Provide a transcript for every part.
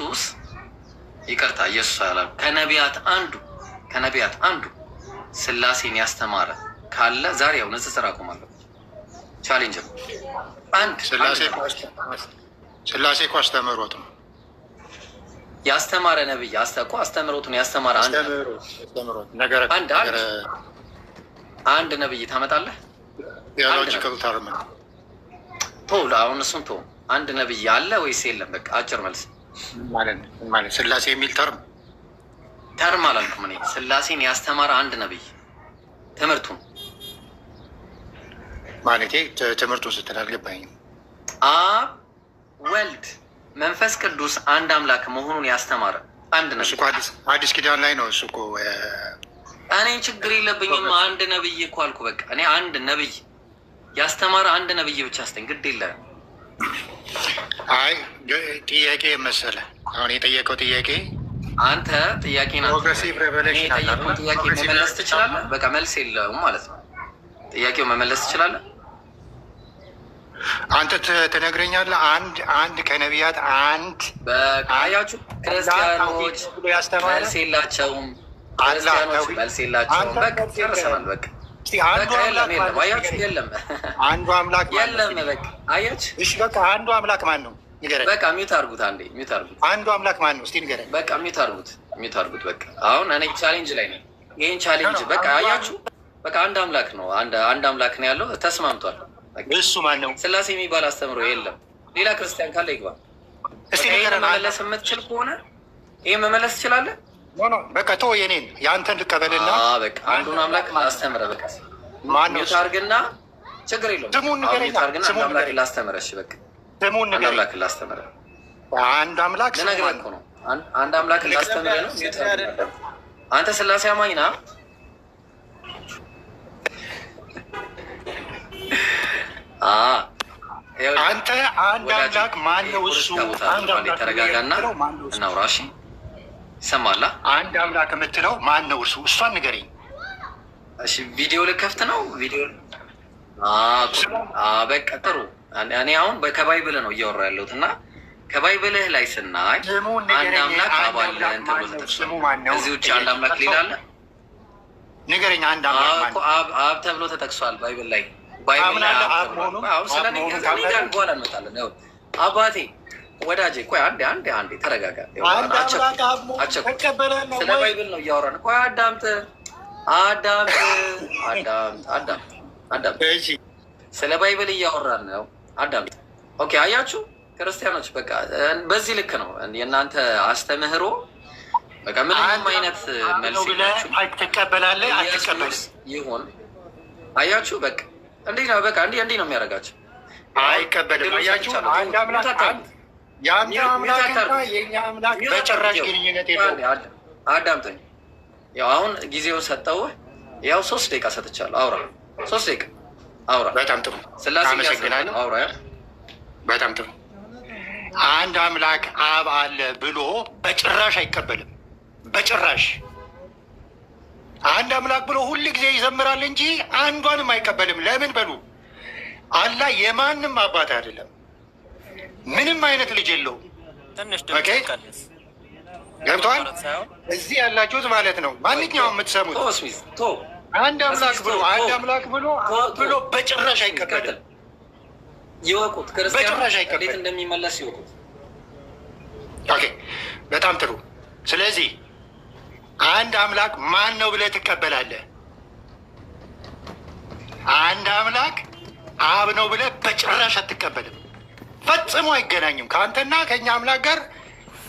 ኢየሱስ ይቅርታ፣ ኢየሱስ አላልኩም። ከነቢያት አንዱ ከነቢያት አንዱ ስላሴን ያስተማረ ካለ ዛሬ ያው ንጽጽር አቆማለሁ። ቻሌንጅ ነው። አንድ ስላሴ እኮ አስተምሮት ነው ያስተማረ ነብይ አስተቆ አስተምሮቱን ያስተማረ አንድ አንድ አንድ ነብይ ታመጣለህ። ቴዎሎጂካል ተርም ቶሎ አሁን እሱን ቶ አንድ ነብይ አለ ወይስ የለም? በቃ አጭር መልስ ማለት ስላሴ የሚል ተርም ተርም አላልኩም እኔ። ስላሴን ያስተማረ አንድ ነብይ ትምህርቱን ማለቴ ትምህርቱን ስትል አልገባኝም። አብ ወልድ መንፈስ ቅዱስ አንድ አምላክ መሆኑን ያስተማረ አንድ ነብይ አዲስ ኪዳን ላይ ነው እሱ እኮ። እኔ ችግር የለብኝም አንድ ነብይ እኮ አልኩ። በቃ እኔ አንድ ነብይ ያስተማረ አንድ ነብይ ብቻ ስተኝ ግድ የለ አይ ጥያቄ መሰለ አሁን የጠየቀው ጥያቄ አንተ ጥያቄ ፕሮግሬሲቭ ሬቨሌሽን የጠየቀውን ጥያቄ መመለስ ትችላለህ። በቃ መልስ የለውም ማለት ነው። ጥያቄው መመለስ ትችላለህ። አንተ ትነግረኛለህ። አንድ አንድ ከነቢያት አንድ በቃያችሁ ክርስቲያኖች መልስ የላቸውም። ክርስቲያኖች መልስ የላቸውም። በቃ ጨርሰናል። በቃ አንዱ አምላክ የለም። በቃ አያች። እሺ፣ በቃ አንዱ አምላክ ማን ነው? ንገረኝ። በቃ ሚውት አድርጉት። አንዴ ሚውት አድርጉት። አንዱ አምላክ ማን ነው? እስኪ ንገረኝ። በቃ ሚውት አድርጉት፣ ሚውት አድርጉት። በቃ አሁን እኔ ቻሌንጅ ላይ ነኝ። ይሄን ቻሌንጅ በቃ አያችሁ። በቃ አንድ አምላክ ነው፣ አንድ አምላክ ነው ያለው። ተስማምቷል። እሱ ማን ነው? ስላሴ የሚባል አስተምሮ የለም። ሌላ ክርስቲያን ካለ ይግባ። እስኪ ንገረን። መመለስ የምትችል ከሆነ ይሄ መመለስ ትችላለህ። በቃ ተወው፣ የኔን የአንተን ልቀበልና አንዱን አምላክ አስተምረ በቃ ማነው ችግር የለውም። አምላክ ላስተምረ አንድ አምላክ እኮ ነው። አንድ አምላክ ላስተምረ ነው። አንተ ስላሴ አማኝ ና አንተ አንድ አምላክ ማነው? እሱ ተረጋጋና እናውራ እሺ ይሰማላ አንድ አምላክ የምትለው ማን ነው? እርሱ እሷን ንገሪኝ። እሺ ቪዲዮ ልከፍት ነው። ቪዲዮ በቃ ጥሩ። እኔ አሁን ከባይብል ነው እያወራ ያለሁት እና ከባይብልህ ላይ ስናይ አንድ አምላክ አባለ እዚህ ውጭ አንድ አምላክ ሌላ አለ? ንገረኝ። አንድ አምላክ አብ ተብሎ ተጠቅሷል ባይብል ላይ። ባይብል ላይ አብ ተብሎ አሁን ስለ እኔ ጋር በኋላ እንመጣለን። አባቴ ወዳጄ ቆይ አንዴ አንዴ አንዴ ተረጋጋ። ስለ ባይብል ነው እያወራን። ቆይ አዳምጥ አዳምጥ አዳምጥ ስለ ባይብል እያወራን ነው። አዳምጥ። ኦኬ፣ አያችሁ ክርስቲያኖች፣ በቃ በዚህ ልክ ነው የእናንተ አስተምህሮ። በቃ ምንም አይነት መልስ ትቀበላለህ ይሁን። አያችሁ በቃ እንዲህ ነው፣ በቃ እንዲህ ነው የሚያደርጋቸው አይቀበልም። አያችሁ አንድ አምላክ የአንተ አምላክና የእኛ አምላክ በጭራሽ ግንኙነት የለውም። አዳምጠኝ። ያው አሁን ጊዜውን ሰጠውህ። ያው ሶስት ደቂቃ ሰጥቻለሁ። አውራ ሶስት ደቂቃ አውራ። በጣም ጥሩ አመሰግናለሁ። አውራ በጣም ጥሩ። አንድ አምላክ አብ አለ ብሎ በጭራሽ አይቀበልም። በጭራሽ አንድ አምላክ ብሎ ሁል ጊዜ ይዘምራል እንጂ አንዷንም አይቀበልም። ለምን በሉ አላህ የማንም አባት አይደለም። ምንም አይነት ልጅ የለውም። ገብተዋል። እዚህ ያላችሁት ማለት ነው። ማንኛውም የምትሰሙት አንድ አምላክ ብሎ አንድ አምላክ ብሎ ብሎ በጭራሽ አይቀበልም። ይወቁት፣ በጭራሽ አይቀበልም። እንደሚመለስ ይወቁት። ኦኬ፣ በጣም ጥሩ። ስለዚህ አንድ አምላክ ማን ነው ብለህ ትቀበላለህ? አንድ አምላክ አብ ነው ብለህ በጭራሽ አትቀበልም። ፈጽሞ አይገናኝም። ከአንተና ከእኛ አምላክ ጋር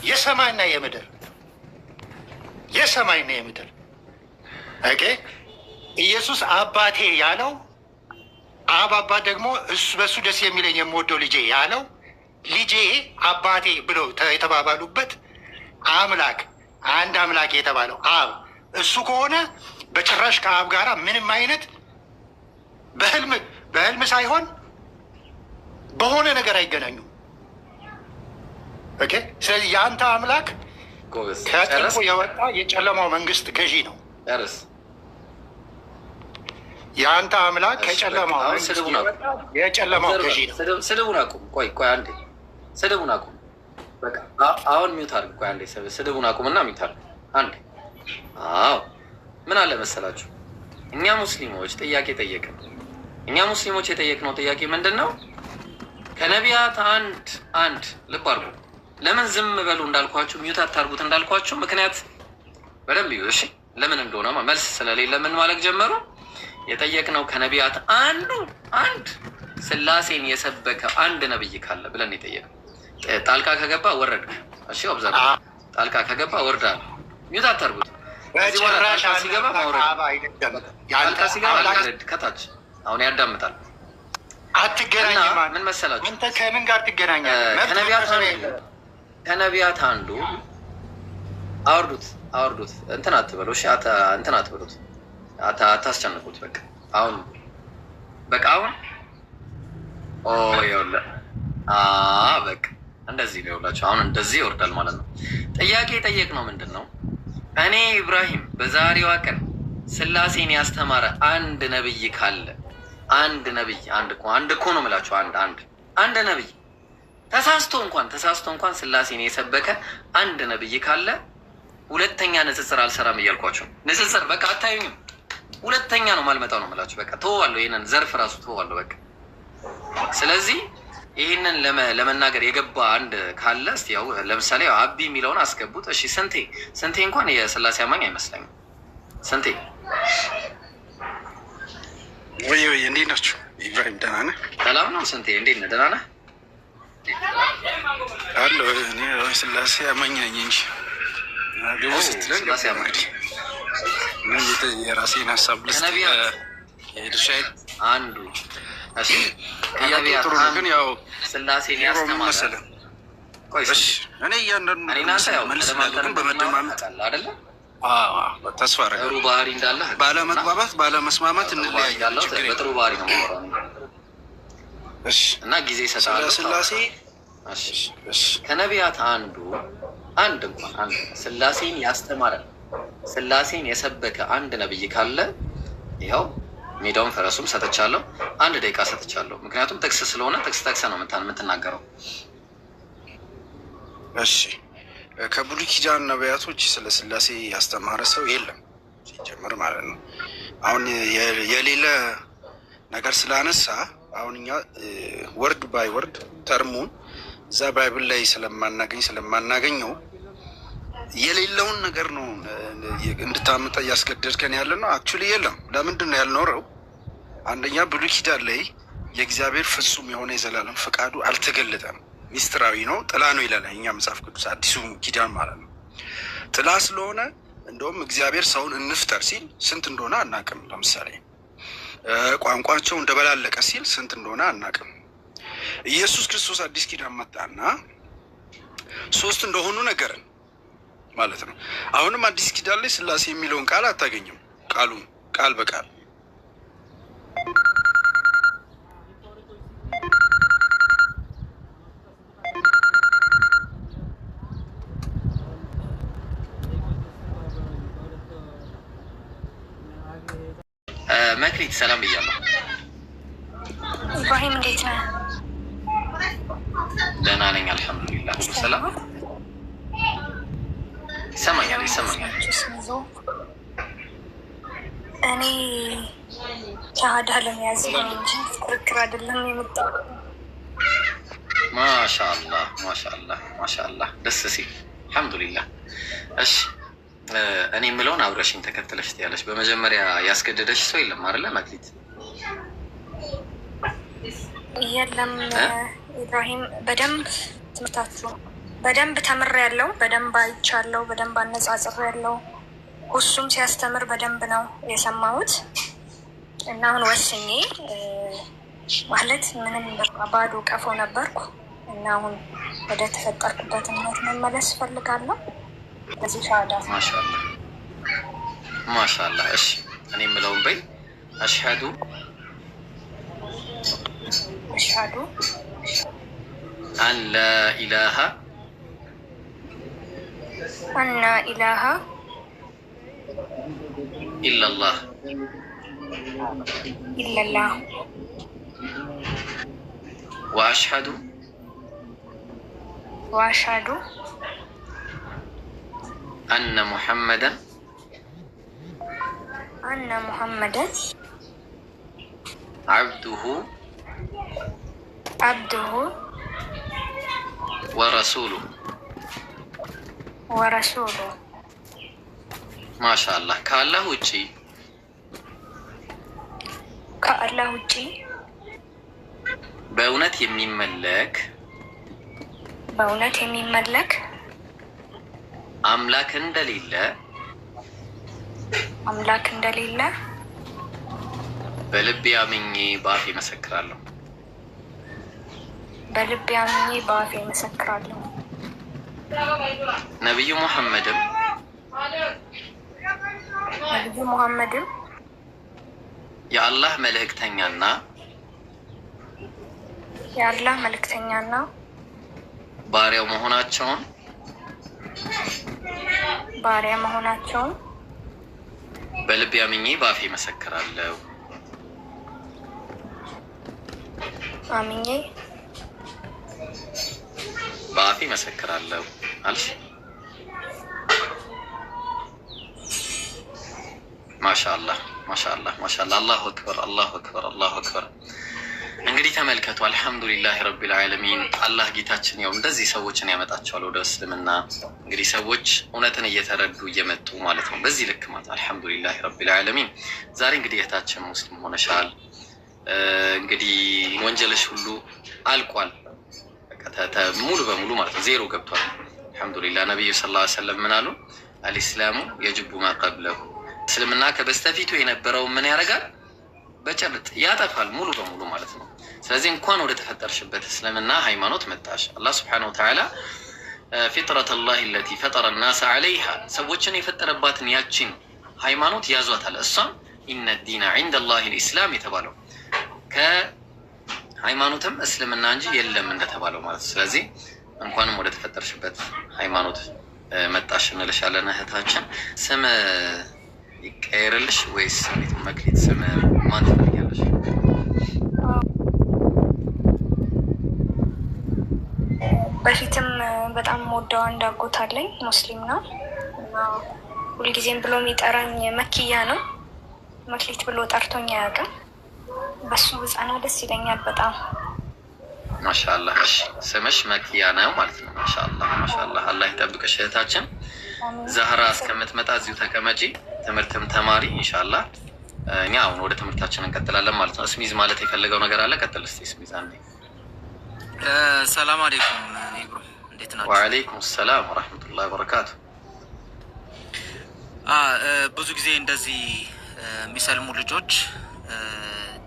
የሰማይና የምድር የሰማይና የምድር ኦኬ። ኢየሱስ አባቴ ያለው አብ አባት ደግሞ እሱ በእሱ ደስ የሚለኝ የምወደው ልጄ ያለው ልጄ አባቴ ብለው የተባባሉበት አምላክ አንድ አምላክ የተባለው አብ እሱ ከሆነ በጭራሽ ከአብ ጋራ ምንም አይነት በህልም በህልም ሳይሆን በሆነ ነገር አይገናኙ። ኦኬ። ስለዚህ የአንተ አምላክ ከጥልቁ የወጣ የጨለማው መንግስት ገዢ ነው። የአንተ አምላክ ከጨለማው መንግስት የወጣ የጨለማው ገዢ ነው። ስድቡን አቁም። ቆይ ቆይ አንዴ፣ ስድቡን አቁም። አሁን ሚውት አድርግ። ቆይ አንዴ፣ ስድቡን አቁም እና ሚውት አድርግ አንዴ። አዎ ምን አለ መሰላችሁ፣ እኛ ሙስሊሞች ጥያቄ ጠየቅን። እኛ ሙስሊሞች የጠየቅነው ጥያቄ ምንድን ነው? ከነቢያት አንድ አንድ ልብ አድርጉ። ለምን ዝም በሉ እንዳልኳችሁ ሚዩት አታርጉት እንዳልኳችሁ ምክንያት በደንብ እዩ። እሺ ለምን እንደሆነ መልስ ስለሌለ ምን ማለት ጀመሩ? የጠየቅነው ከነቢያት አንዱ አንድ ስላሴን የሰበከ አንድ ነብይ ካለ ብለን የጠየቅነው። ጣልቃ ከገባ ወረድ። እሺ ብዛ ጣልቃ ከገባ ወርዳ ሚዩት አታርጉት። ሲገባ ማውረድ ሲገባ ከታች አሁን ያዳምጣል አትገናኝም። ምን መሰላችሁ? ከምን ጋር ትገናኛለህ? ከነቢያት አንዱ አውርዱት፣ አውርዱት እንትን አትበሉ፣ እንትን አትበሉት፣ አታስጨንቁት። በቃ አሁን በቃ አሁን ይኸውልህ፣ በቃ እንደዚህ ነው ይኸውላችሁ፣ አሁን እንደዚህ ይወርዳል ማለት ነው። ጥያቄ የጠየቅ ነው ምንድን ነው? እኔ ኢብራሂም በዛሬዋ ቀን ስላሴን ያስተማረ አንድ ነብይ ካለ አንድ ነብይ አንድ እኮ አንድ እኮ ነው የምላቸው አንድ አንድ አንድ ነብይ ተሳስቶ እንኳን ተሳስቶ እንኳን ስላሴን የሰበከ አንድ ነብይ ካለ ሁለተኛ ንጽጽር አልሰራም እያልኳቸው ንጽጽር በቃ አታዩኝም። ሁለተኛ ነው ማልመጣው ነው የምላችሁ። በቃ ተወዋለሁ፣ ይህንን ዘርፍ ራሱ ተወዋለሁ። በቃ ስለዚህ ይህንን ለመናገር የገባ አንድ ካለ እስቲ ያው ለምሳሌ አቢ የሚለውን አስገቡት። እሺ ስንቴ ስንቴ እንኳን የስላሴ አማኝ አይመስለኝም። ስንቴ ወይ ወይ፣ እንዴት ናችሁ? ኢብራሂም ደህና ነህ? ሰላም ነው። ስንቴ እንዴት ነህ? ደህና ነህ? አለሁ እኔ ስላሴ አማኝ ነኝ እንጂ ግቡ ስትለን የራሴን ሀሳብ ልስጥ አንዱ ጥሩ ነው፣ ግን ያው ስላሴን ያስተማረ እኔ እያንዳንዱ መልስ ግን በመደማመጥ አይደለም ተስፋ ጥሩ ባህሪ እንዳለ ባለመግባባት ባለመስማማት እንለያያለን። በጥሩ ባህሪ ነው እና ጊዜ ይሰጣል። ስላሴ ከነቢያት አንዱ አንድ እንኳን አንድ ስላሴን ያስተማረ ስላሴን የሰበከ አንድ ነብይ ካለ ይኸው ሜዳውን ፈረሱም ሰጥቻለሁ። አንድ ደቂቃ ሰጥቻለሁ። ምክንያቱም ጥቅስ ስለሆነ ጥቅስ ጠቅሰ ነው የምትናገረው። እሺ ከብሉይ ኪዳን ነቢያቶች ስለ ስላሴ ያስተማረ ሰው የለም ሲጀምር ማለት ነው። አሁን የሌለ ነገር ስላነሳ አሁን እኛ ወርድ ባይ ወርድ ተርሙን እዛ ባይብል ላይ ስለማናገኝ ስለማናገኘው የሌለውን ነገር ነው እንድታመጣ እያስገደድከን ያለ ነው። አክቹዋሊ የለም። ለምንድን ነው ያልኖረው? አንደኛ ብሉይ ኪዳን ላይ የእግዚአብሔር ፍጹም የሆነ የዘላለም ፈቃዱ አልተገለጠም። ሚስጥራዊ ነው፣ ጥላ ነው ይላል እኛ መጽሐፍ ቅዱስ አዲሱ ኪዳን ማለት ነው። ጥላ ስለሆነ እንደውም እግዚአብሔር ሰውን እንፍጠር ሲል ስንት እንደሆነ አናቅም። ለምሳሌ ቋንቋቸው እንደበላለቀ ሲል ስንት እንደሆነ አናቅም። ኢየሱስ ክርስቶስ አዲስ ኪዳን መጣና ሶስት እንደሆኑ ነገርን ማለት ነው። አሁንም አዲስ ኪዳን ላይ ስላሴ የሚለውን ቃል አታገኝም። ቃሉን ቃል በቃል ማክሪት ሰላም ብያለሁ። ኢብራሂም እንዴት ነህ? ደህና ነኝ አልሐምዱሊላህ። ሁሉ ሰላም ይሰማኛል፣ ይሰማኛል። እኔ ሻሃዳ ለመያዝ ነው እንጂ ክርክር አይደለም የመጣው። ማሻአላህ ማሻአላህ ማሻአላህ፣ ደስ ሲል አልሐምዱሊላህ። እሺ እኔ የምለውን አብረሽኝ ተከተለሽ ትያለሽ። በመጀመሪያ ያስገደደሽ ሰው የለም አይደለ? መክሊት የለም። ኢብራሂም በደንብ ትምህርታችሁ በደንብ ተምር ያለው በደንብ አይቻለው፣ በደንብ አነጻጽር ያለው ሁሱም ሲያስተምር በደንብ ነው የሰማሁት እና አሁን ወስኜ ማለት ምንም ባዶ ቀፎ ነበርኩ እና አሁን ወደ ተፈጠርኩበት እምነት መመለስ እፈልጋለሁ። ما شاء الله ما ايش اني ملون بي اشهد اشهد ان لا اله ان لا اله الا الله الا الله واشهد واشهد أن محمدا أن محمدا عبده عبده ورسوله ورسوله ما شاء الله قال قال له شيء له شيء بونت يمين ملك بونت يمين ملك አምላክ እንደሌለ አምላክ እንደሌለ በልቤ አምኜ በአፌ መሰክራለሁ። በልቤ አምኜ በአፌ መሰክራለሁ። ነቢዩ ሙሐመድም ነቢዩ ሙሐመድም የአላህ መልእክተኛና የአላህ መልእክተኛና ባሪያው መሆናቸውን ባሪያ መሆናቸውን በልብ አምኜ በአፌ መሰክራለሁ። አምኜ በአፌ መሰክራለሁ አልሽ። ማሻአላህ ማሻአላህ ማሻአላህ። አላሁ አክበር አላሁ አክበር አላሁ አክበር እንግዲህ ተመልከቱ። አልሐምዱሊላህ ረቢል ዓለሚን አላህ ጌታችን ያው እንደዚህ ሰዎችን ያመጣቸዋል ወደ እስልምና። እንግዲህ ሰዎች እውነትን እየተረዱ እየመጡ ማለት ነው በዚህ ልክ ማለት አልሐምዱሊላህ ረቢል ዓለሚን። ዛሬ እንግዲህ እህታችን ሙስሊም ሆነሻል። እንግዲህ ወንጀልሽ ሁሉ አልቋል ሙሉ በሙሉ ማለት ነው ዜሮ ገብቷል። አልሐምዱሊላህ ነቢዩ ስ ላ ሰለም ምን አሉ? አልኢስላሙ የጅቡ ማቀብለሁ እስልምና ከበስተፊቱ የነበረው ምን ያደርጋል በጨልጥ ያጠፋል ሙሉ በሙሉ ማለት ነው። ስለዚህ እንኳን ወደ ተፈጠርሽበት እስልምና ሃይማኖት መጣሽ። አላህ ስብሓነሁ ወተዓላ ፊጥረት ላህ ለቲ ፈጠረ ናስ ዓለይሃ ሰዎችን የፈጠረባትን ያችን ሃይማኖት ያዟታል። እሷም ኢነ ዲና ዒንደ ላህ ልኢስላም የተባለው ከሃይማኖትም እስልምና እንጂ የለም እንደተባለው ማለት ነው። ስለዚህ እንኳንም ወደ ተፈጠርሽበት ሃይማኖት መጣሽ እንልሻለን እህታችን። ስም ይቀየርልሽ ወይስ እንዴት መክሊት ስም ማን ትፈልጊያለሽ? በፊትም በጣም ወደዋ እንዳጎት አለኝ ሙስሊም ነው እና ሁልጊዜም ብሎ የሚጠራኝ መኪያ ነው። መክሊት ብሎ ጠርቶኝ አያውቅም። በሱ ህፃና ደስ ይለኛል በጣም ማሻላ። ስምሽ መኪያ ነው ማለት ነው። ማሻላ ማሻላ። አላህ ይጠብቅሽ እህታችን። ዛህራ እስከምትመጣ እዚሁ ተቀመጪ፣ ትምህርትም ተማሪ ኢንሻላ እኛ አሁን ወደ ትምህርታችን እንቀጥላለን ማለት ነው። እስሚዝ ማለት የፈለገው ነገር አለ። ቀጥል እስኪ እስሚዝ። አንዴ ሰላም አሌይኩም እንዴት ናቸው? ዋአሌይኩም ሰላም ወረህመቱላሂ ወበረካቱ። ብዙ ጊዜ እንደዚህ የሚሰልሙ ልጆች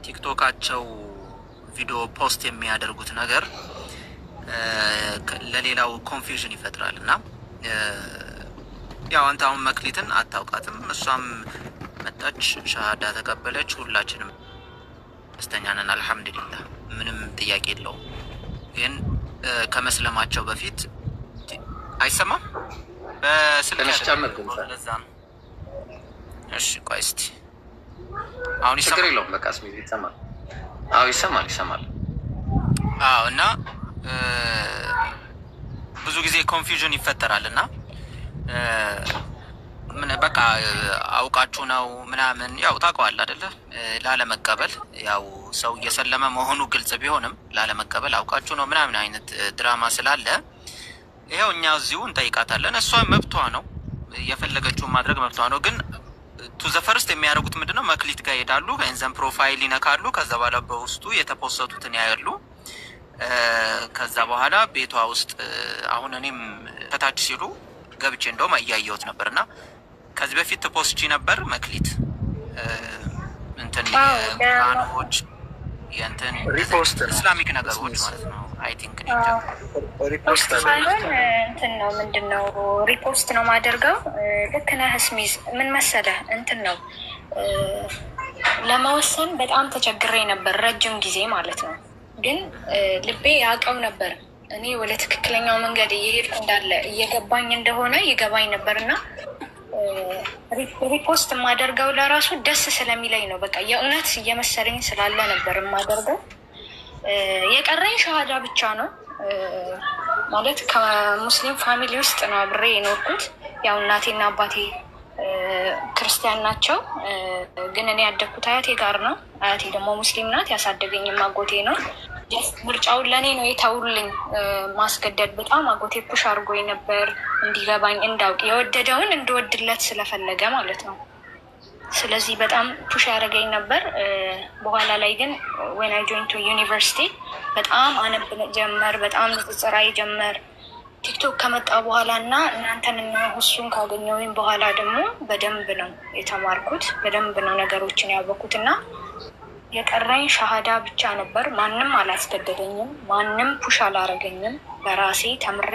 ቲክቶካቸው ቪዲዮ ፖስት የሚያደርጉት ነገር ለሌላው ኮንፊውዥን ይፈጥራል እና ያው አንተ አሁን መክሊትን አታውቃትም እሷም መጣች፣ ሻሃዳ ተቀበለች። ሁላችንም ደስተኛ ነን። አልሐምዱሊላህ ምንም ጥያቄ የለውም። ግን ከመስለማቸው በፊት አይሰማም በስልክ ነው። እሺ ቆይ እስኪ አሁን ችግር የለውም። በቃ ይሰማል። አዎ ይሰማል፣ ይሰማል። አዎ እና ብዙ ጊዜ ኮንፊውዥን ይፈጠራል እና ምን በቃ አውቃችሁ ነው ምናምን ያው ታውቀዋል አይደለ? ላለመቀበል ያው ሰው እየሰለመ መሆኑ ግልጽ ቢሆንም ላለመቀበል አውቃችሁ ነው ምናምን አይነት ድራማ ስላለ ይኸው እኛ እዚሁ እንጠይቃታለን። እሷ መብቷ ነው፣ የፈለገችውን ማድረግ መብቷ ነው። ግን ቱ ዘ ፈርስት የሚያደርጉት ምንድን ነው? መክሊት ጋር ይሄዳሉ፣ ገንዘብ ፕሮፋይል ይነካሉ። ከዛ በኋላ በውስጡ የተፖሰቱትን ያያሉ። ከዛ በኋላ ቤቷ ውስጥ አሁን እኔም ከታች ሲሉ ገብቼ እንደውም እያየሁት ነበር እና ከዚህ በፊት ትፖስቺ ነበር መክሊት እንትን የቁርአኖች የእንትን እስላሚክ ነገሮች ማለት ነው። አይ ቲንክ ሪፖስት ሳይሆን እንትን ነው ምንድን ነው ሪፖስት ነው ማደርገው። ልክ ነህ ስሚዝ ምን መሰለህ እንትን ነው ለመወሰን በጣም ተቸግሬ ነበር ረጅም ጊዜ ማለት ነው። ግን ልቤ ያውቀው ነበር እኔ ወደ ትክክለኛው መንገድ እየሄድኩ እንዳለ እየገባኝ እንደሆነ ይገባኝ ነበር እና ሪፖስት የማደርገው ለራሱ ደስ ስለሚለኝ ነው። በቃ የእውነት እየመሰለኝ ስላለ ነበር የማደርገው። የቀረኝ ሸሃዳ ብቻ ነው። ማለት ከሙስሊም ፋሚሊ ውስጥ ነው አብሬ የኖርኩት። ያው እናቴና አባቴ ክርስቲያን ናቸው፣ ግን እኔ ያደግኩት አያቴ ጋር ነው። አያቴ ደግሞ ሙስሊም ናት። ያሳደገኝም አጎቴ ነው። ምርጫውን ለእኔ ነው የተውልኝ። ማስገደድ በጣም አጎቴ ፑሽ አድርጎ ነበር እንዲገባኝ እንዳውቅ የወደደውን እንድወድለት ስለፈለገ ማለት ነው። ስለዚህ በጣም ፑሽ ያደረገኝ ነበር። በኋላ ላይ ግን ወይና ጆይንቱ ዩኒቨርሲቲ በጣም አነብ ጀመር፣ በጣም ንጽጽር አይ ጀመር። ቲክቶክ ከመጣ በኋላ እና እናንተንና ሁሱን ካገኘሁኝ በኋላ ደግሞ በደንብ ነው የተማርኩት፣ በደንብ ነው ነገሮችን ያወቅኩት እና የቀረኝ ሻሃዳ ብቻ ነበር። ማንም አላስገደደኝም፣ ማንም ፑሽ አላረገኝም። በራሴ ተምሬ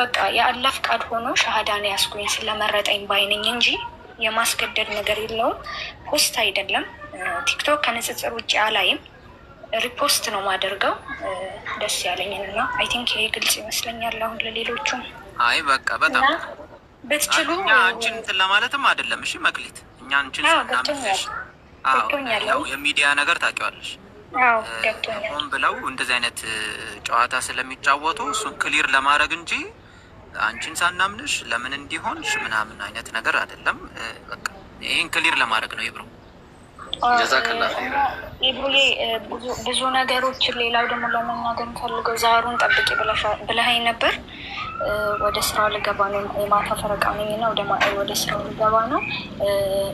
በቃ የአላህ ፍቃድ ሆኖ ሻሃዳን ያስኩኝ ስለመረጠኝ ባይነኝ እንጂ የማስገደድ ነገር የለውም። ፖስት አይደለም ቲክቶክ ከንጽጽር ውጭ አላይም። ሪፖስት ነው ማደርገው ደስ ያለኝን እና አይ ቲንክ ይሄ ግልጽ ይመስለኛል አሁን ለሌሎቹም። አይ በቃ በጣም ብትችሉ እኛ አንቺን እንትን ለማለትም አይደለም። እሺ መክሊት እኛ አንቺን ያው የሚዲያ ነገር ታውቂዋለሽ። ሆን ብለው እንደዚህ አይነት ጨዋታ ስለሚጫወቱ እሱን ክሊር ለማድረግ እንጂ አንቺን ሳናምንሽ ለምን እንዲሆንሽ ምናምን አይነት ነገር አይደለም። ይህን ክሊር ለማድረግ ነው ይብሩ። ይብሩዬ ብዙ ነገሮችን ሌላው ደግሞ ለመናገር ፈልገው ዛሩን ጠብቂ ብለሃኝ ነበር ወደ ስራው ልገባ ነው። የማታ ፈረቃ ነኝ እና ወደ ወደ ስራው ልገባ ነው።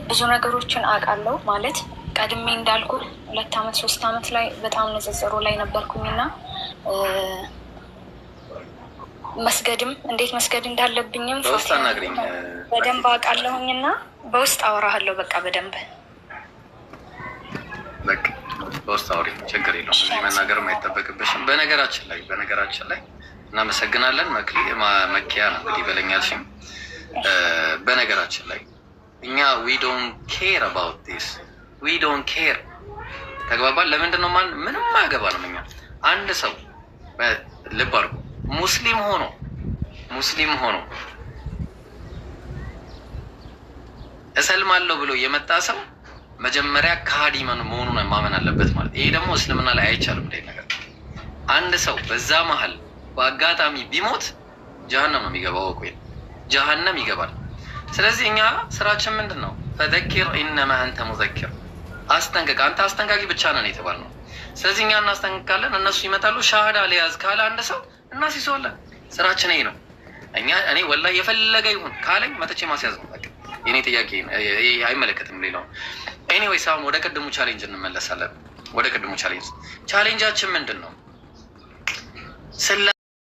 ብዙ ነገሮችን አውቃለሁ ማለት ቀድሜ እንዳልኩ ሁለት አመት ሶስት አመት ላይ በጣም ንጽጽሩ ላይ ነበርኩኝ እና መስገድም እንዴት መስገድ እንዳለብኝም በደንብ አውቃለሁኝ እና በውስጥ አወራሃለሁ። በቃ በደንብ በውስጥ አውሪ፣ ችግር የለውም። መናገርም አይጠበቅብሽም። በነገራችን ላይ በነገራችን ላይ እናመሰግናለን። መኪያ ነው እንግዲህ በለኛልሽም። በነገራችን ላይ እኛ ዊ ዶን ኬር አባውት ዲስ ዊ ዶን ኬር ተግባባል። ለምንድን ነው ምንም ነው። እኛ አንድ ሰው ልብ አድርጎ ሙስሊም ሆኖ ሙስሊም ሆኖ እሰልማለሁ ብሎ የመጣ ሰው መጀመሪያ ከሃዲ መሆኑን ማመን አለበት። ማለት ይሄ ደግሞ እስልምና ላይ አይቻልም። እንደ ነገር አንድ ሰው በዛ መሀል በአጋጣሚ ቢሞት ጀሀነም ነው የሚገባው። ወቁይ ጀሀነም ይገባል። ስለዚህ እኛ ስራችን ምንድን ነው? ፈዘኪር ኢነማ አንተ ሙዘኪር፣ አስጠንቀቅ አንተ አስጠንቃቂ ብቻ ነን የተባል ነው። ስለዚህ እኛ እናስጠንቅቃለን፣ እነሱ ይመጣሉ። ሻህዳ ሊያዝ ካለ አንድ ሰው እናስይዘዋለን። ስራችን ይሄ ነው። እኛ እኔ ወላሂ የፈለገ ይሁን ካለኝ መጥቼ ማስያዝ ነው በቃ። የኔ ጥያቄ አይመለከትም ሌላው። ኤኒዌይስ አሁን ወደ ቅድሙ ቻሌንጅ እንመለሳለን። ወደ ቅድሙ ቻሌንጅ ቻሌንጃችን ምንድን ነው?